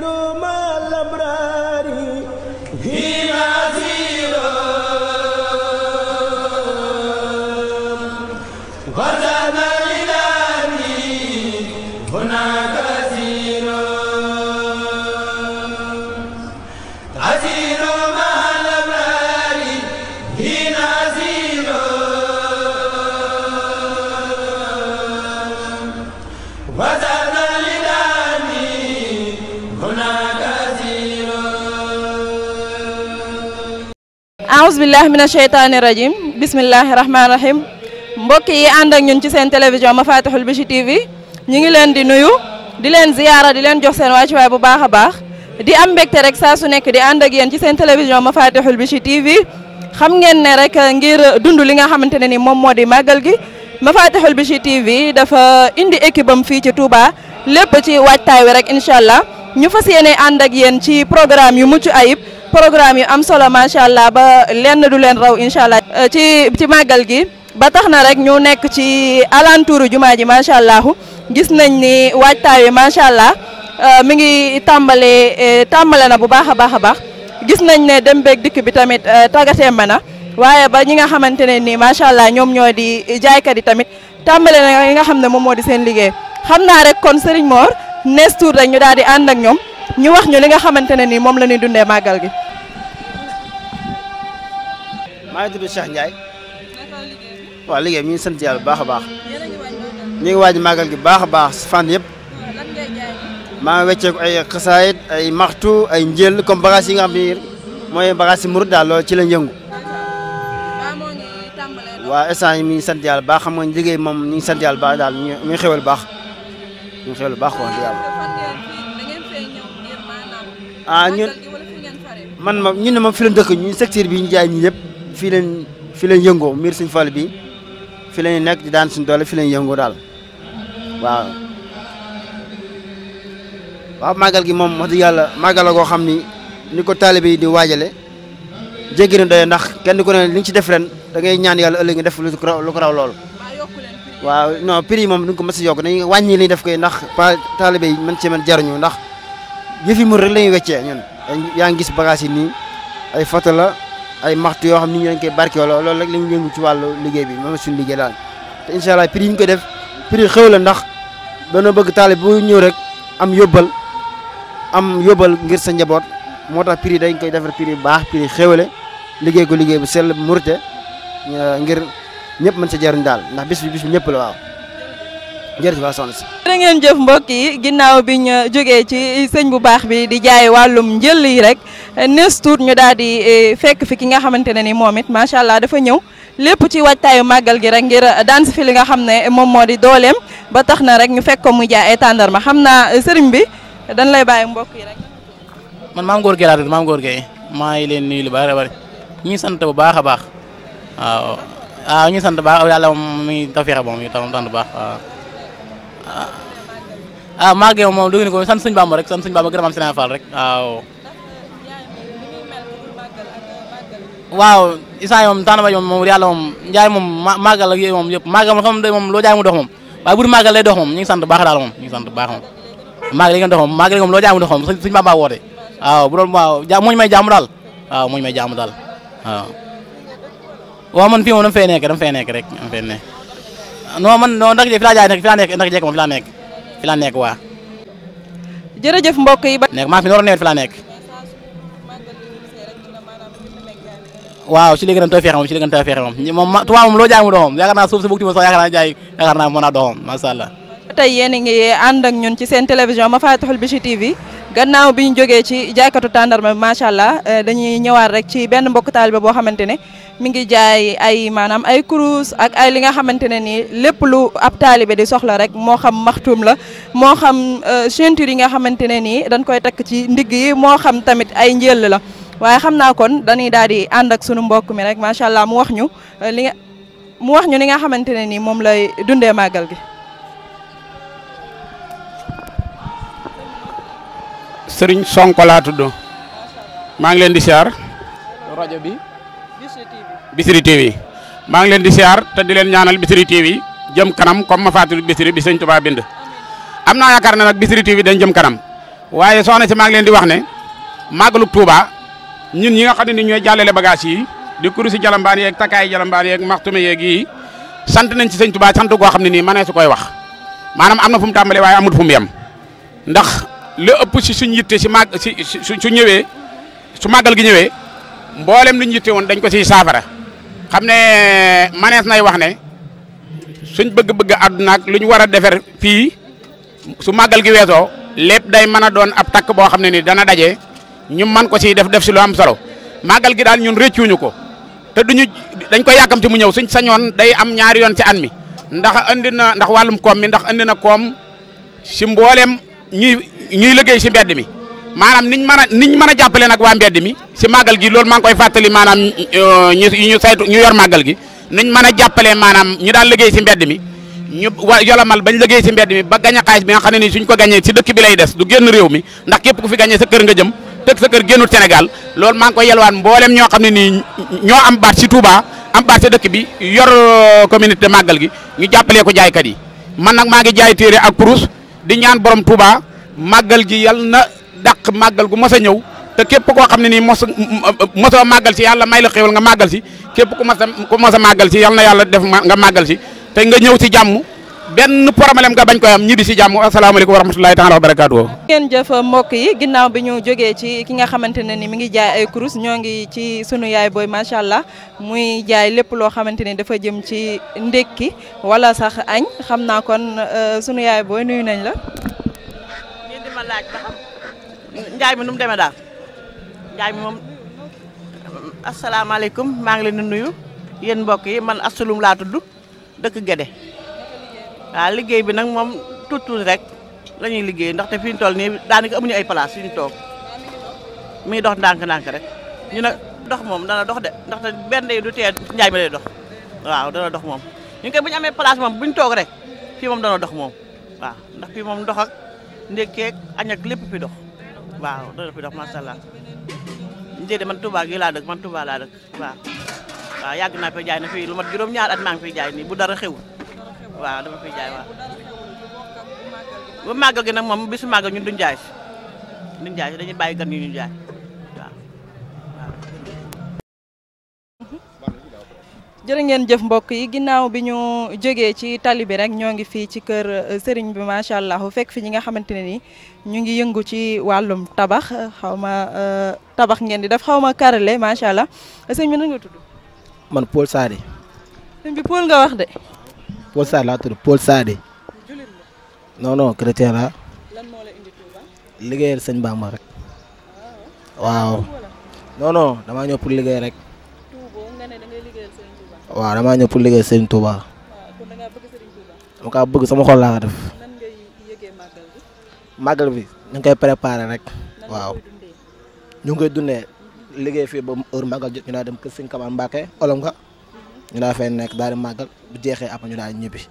Roma aousbillah min asheytaani rajim bismillahi rahmaani rahim mbokk yi ànd ak ñun ci seen télévision Mafatihul Bichri TV ñu ngi leen di nuyu di leen ziyaara di leen jox seen wàccuwaay bu baax a baax di am mbégte rek saa su di ànd ak yéen ci seen télévision Mafatihul Bichri TV xam ngeen ne rek ngir dund li nga xamante ne ni moom moo di màggal gi Mafatihul Bichri TV dafa indi équipam fii ci Touba lépp ci waajtaay wi rek incha allah ñu fas yéene ànd ak yéen ci programme yu mucc ayib programme yu am solo macha allah ba lenn du leen raw incha allah euh, ci ci màggal gi ba tax na rek ñu nekk ci alentour jumaa ji macha allah gis nañ ni waajtaay wi macha allah euh, mi ngi tàmbalee euh, tàmbale na bu baax a baax a baax gis nañ ne dem beeg dikk bi tamit tàggatémbe na waaye ba ñi nga xamante ne nii macha allah ñoom ñoo di jaaykat yi tamit tàmbale na yi nga xam ne moom moo di seen liggéey xam naa rek kon Serigne Mor nees tuur dañ ñu daal di ànd ak ñoom. ñu wax ñu li nga xamante ne nii moom la ñuy dundee màggal gi. maa ngi tudd Cheikh waaw liggéey mi ngi sant yàlla bu baax a baax. ñu ngi waaj màggal gi baax a baax si fànn yëpp. maa nga wecceeku ay xasaayit ay maxtu ay njël comme bagage yi nga xam ne mooy bagage si murid daal loolu ci la njëngu waaw instant yi mi ngi sant yàlla baax xam nga liggéey moom ñu ngi sant yàlla baax daal mi ngi xewal baax mi ngi xewal baax wax dëgg yàlla. ah ñun man ma ñun ne moom fi leen dëkk ñun secteur bi ñu jaay ñii yëpp fii leen fi leen yëngoo miir suñ fal bi fi leen nekk di daan suñ doole fi leen yëngoo daal waaw waaw gi moom wax dëgg yàlla màggal la koo xam ni nu ko taalibe yi di waajale jéggi na doy ndax kenn ko ne li ñu ci def ren dangay ngay ñaan yàlla ëllëg nga def lu ko raw lool waaw non prix moom duñ ko mës a yokk dañuy wàññi li def koy ndax pa taalibe yi mën ci mën jaruñu ndax yëfi mu rek la ñuy weccee ñun yaa ngi gis bagage yi nii ay photo la ay maxtu yoo xam ni ñu dañ koy barkeeloo loolu rek la ñu yëngu ci wàllu liggéey bi moom suñu liggéey daal te incha allah prix yi ñu ko def prix xew la ndax danoo bëgg taale bu ñëw rek am yóbbal am yóbbal ngir sa njaboot moo tax prix dañ koy defar prix bu baax prix xewale liggéey ko liggéey bu sell murte ngir ñëpp mën sa jariñ daal ndax bis bi bis ñëpp la waaw jërëjëf waa soxna ngeen jëf mbokk yi ginnaaw bi ñu jógee ci sëñ bu baax bi di jaay wàllum njël yi rek nees tuut ñu daal di e, fekk fi ki nga xamante ne ni moom it macha allah dafa ñëw lépp ci waajtaayu màggal gi rek ngir daan fi li nga xam ne moom moo di dooleem ba tax na rek ñu fekk ko mu jaay ay tàndarma xam naa sëriñ bi dañ lay bàyyi mbokk yi rek. man maam Góor Gueye laa tudd maam Góor maa ngi leen nuyu lu bari bari ñu sant bu baax a baax waaw waaw ñu sant baax yàlla moom mi ngi tawfeex baax ah, ah maa ngi moom dégg nga ko sant suñu Bàmba rek sant suñu Bàmba gërëm am Serigne Fall rek waaw. waaw Issa moom tànn ba moom yàlla moom njaay moom màggal ak yooyu moom yëpp màggal moom xam moom loo jaay mu dox moom waaye bu dul màggal lay dox moom ñu ngi sant baax daal moom ñu ngi sant baax moom màggal yi ngeen dox moom màggal yi moom loo jaay mu dox moom suñu Bàmba woote waaw bu doon waaw ja moo ñu may jaamu daal waaw moo ñu may jaamu daal waaw waaw man fii moom dama fee nekk dama fee nekk rek dama fee nekk non man non ndax fi laa jaay nekk fi nekk ndax nekk fi laa nekk waa. jërëjëf mbokk yi ba. nekk maa fi noor nawet fi laa nekk. waaw ci li gën a tawfeex moom ci a tawfeex moom moom Tuubaa moom loo jaay mu doomam yaakaar naa suuf si bëgg ma sax yaakaar naa jaay yaakaar naa mën a doomam macha allah. tey yéen a ngi ànd ak ñun ci seen télévision Mafatihul Bichri TV gannaaw bi ñu jogee ci jaaykatu tàndarma bi macha allah eh, dañuy ñëwaat rek ci benn mbokk taaliba boo xamante ne mi ngi jaay ay maanaam ay kurus ak ay li nga xamante ne nii lépp lu ap talibe di soxla rek moo xam maxtuum la moo xam euh, ceinture yi nga xamante ne nii dañ koy takk ci ndigg yi moo xam tamit ay njël la waaye xam naa kon dañuy daal di ànd ak sunu mbokk mi rek macha allah mu wax ñu euh, li nga mu wax ñu li nga xamante ne nii moom lay dundee màggal gi. Sëriñ Sonko laa ngi leen di bi. Bichri TV maa ngi leen di siyaar te di leen ñaanal Bichri TV jëm kanam comme ma fàttali Bichri bi sëñ Tuubaa bind. am na yaakaar ne nag Bichri TV dañ jëm kanam waaye soxna si maa ngi leen di wax ne màggalu Touba ñun ñi nga xam ne ni ñooy jàllale bagage yi di kuréel si jalambaan yeeg takkaay jalambaan yeeg maxtume yeeg yi sant nañ ci sëñ Tuubaa sant goo xam ne nii mënee su koy wax maanaam am na fu mu tàmbalee waaye amul fu mu yem ndax li ëpp si suñ yitte si mag si su ñëwee su màggal gi ñëwee mboolem li ñu woon dañ ko siy saafara. xam ne manees nay wax ne suñ bëgg-bëgg àdduna ak lu ñu war a defar fii su màggal gi weesoo lépp day mën a doon ab takk boo xam ne ni dana daje ñu mën ko si def def si lu am solo màggal gi daal ñun rëccuñu ko te duñu dañ koy yàkkamti mu ñëw suñ sañoon day am ñaari yoon ci an mi ndax andi na ndax wàllum koom mi ndax andi na koom si mboolem ñuy ñuy liggéey si mbedd mi maanaam niñ mën a a jàppale nag waa mbedd mi si màggal gi loolu maa koy fàttali maanaam euh, ñu ñu saytu ñu yor màggal gi niñ mën a jàppale maanaam ñu daan liggéey si mbedd mi ñu yolamal bañ liggéey si mbedd mi ba gañ a xaalis bi nga xam ne ni suñ ko gañee si dëkk bi lay des du génn réew mi ndax képp ku fi gañee sa kër nga jëm tëg sa kër génnut Sénégal loolu maa ngi koy mboolem ñoo xam ne nii ñoo am baat si Touba am baat si dëkk bi yor euh, communauté màggal gi ñu ko jaaykat yi man nag maa ngi jaay téere ak kurus di ñaan borom Touba màggal gi dàq màggal gu mos a ñëw te képp koo xam ne nii mos mosoo màggal si yàlla may la xéwal nga màggal si képp ku mos a ku a màggal si yàlla na yàlla def nga màggal si te nga ñëw si jàmm benn problème nga bañ koy am ñibbi si jàmm asalaamaaleykum wa rahmatulahi taala wa barakaatu ngeen jëf mbokk yi ginnaaw bi ñu jógee ci ki nga xamante ne ni mu ngi jaay ay kurus ñoo ngi ci sunu yaay booy macha allah muy jaay lépp loo xamante ni dafa jëm ci ndékki wala sax añ xam naa kon euh, sunu yaay booy nuyu nañ la. njaay mi nu mu demee daal njaay mi moom asalaamaaleykum maa ngi leen di nuyu yéen mbokk yi man asalum laa tudd dëkk Gede waaw liggéey bi nag moom tuut rek lañuy liggéey ndaxte fi ñu toll nii daanaka amuñu ay place fi ñu toog muy dox ndànk-ndànk rek ñu ne dox moom dana dox de ndaxte benn yi du tee njaay mi lay dox waaw dana dox moom ñu koy bu ñu amee place moom bu ñu toog rek fii moom dana dox moom waaw ndax fii moom ndox ak ndékkeeg añ fi dox waaw loolu fi dox macha allah njëriñ man Touba gi laa dëkk man Touba laa dëkk waaw. waaw yàgg naa fi jaay na fii lu juróom-ñaar at maa ngi fiy jaay nii bu dara xew waaw dama fiy jaay waaw. bu màggal gi nag moom bisu màggal ñun duñ jaay si duñ jaay si dañuy gan yi ñu jaay. jërë ngeen jëf mbokk yi ginnaaw bi ñu jógee ci tali bi rek ñoo ngi fii ci kër euh, sëriñ bi macha allah fekk fi ñi nga xamante ne ni ñu ngi yëngu ci wàllum tabax xaw ma euh, tabax ngeen di def xaw ma karale macha allah sëñ bi nan nga tudd. man Paul Sade. sëñ bi Paul nga wax de. Paul Sade laa tudd Paul Sade. jullit la. non non chrétien la. lan moo liggéeyal sëñ Bamba rek. waaw. non non damaa ñëw liggéey rek. waaw damaa ñëw pour liggéey Serigne Touba. dama kaa bëgg sama xol laa ko def. màggal bi ñu ngi koy préparé rek. waaw ñu ngi koy dundee liggéey fii ba heure màggal jot ñu daa dem mhm. daa fay nekk daal di màggal bu jeexee après ñu daa ñibbi.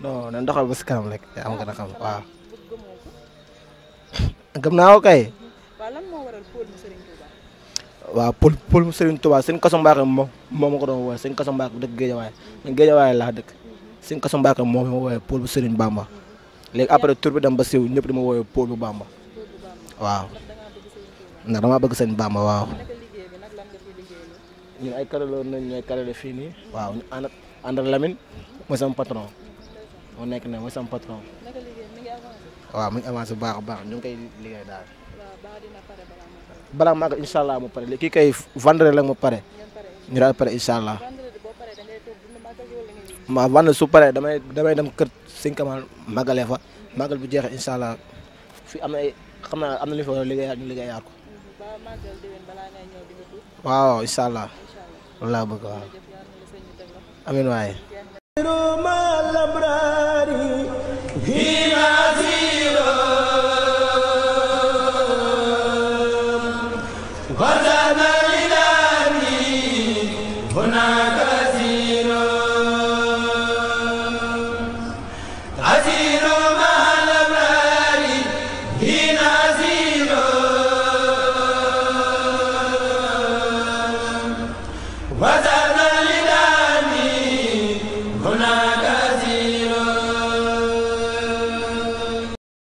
non nan ba si kanam rek am nga na xam waaw. gëm naa ko kay. Mhm. waaw pôle pôle mu Serigne Touba sëñ Kasu Mbacke moom moo ko doon woowee sëñ Kasu Mbacke bu dëkk Géejawaay man Géejawaay laa dëkk sëñ Kasu Mbacke moom ma woowee pôle bu Serigne Bamba léegi après tur bi dem ba siiw ñëpp dama woowee pôle bu Bamba waaw ndax damaa bëgg sëñ Bamba waaw. ñun ay carreleurs nañ ñooy carrelé fii nii waaw ñu ànd ànd mooy sama patron moo nekk ne mooy sama patron waaw mu ngi avancé bu baax a baax ñu ngi koy liggéey daal. balaa maa ko incha allah mu pare kii kay vendredi la mu pare ñu daal pare incha ma vendredi su paree damay damay dem kër sëñ Kamal màggalee fa magal bu jeexee incha allah fi am ay xam naa am na lu ñu fa war a ko waaw incha allah wallaahi waaw amiin waaye.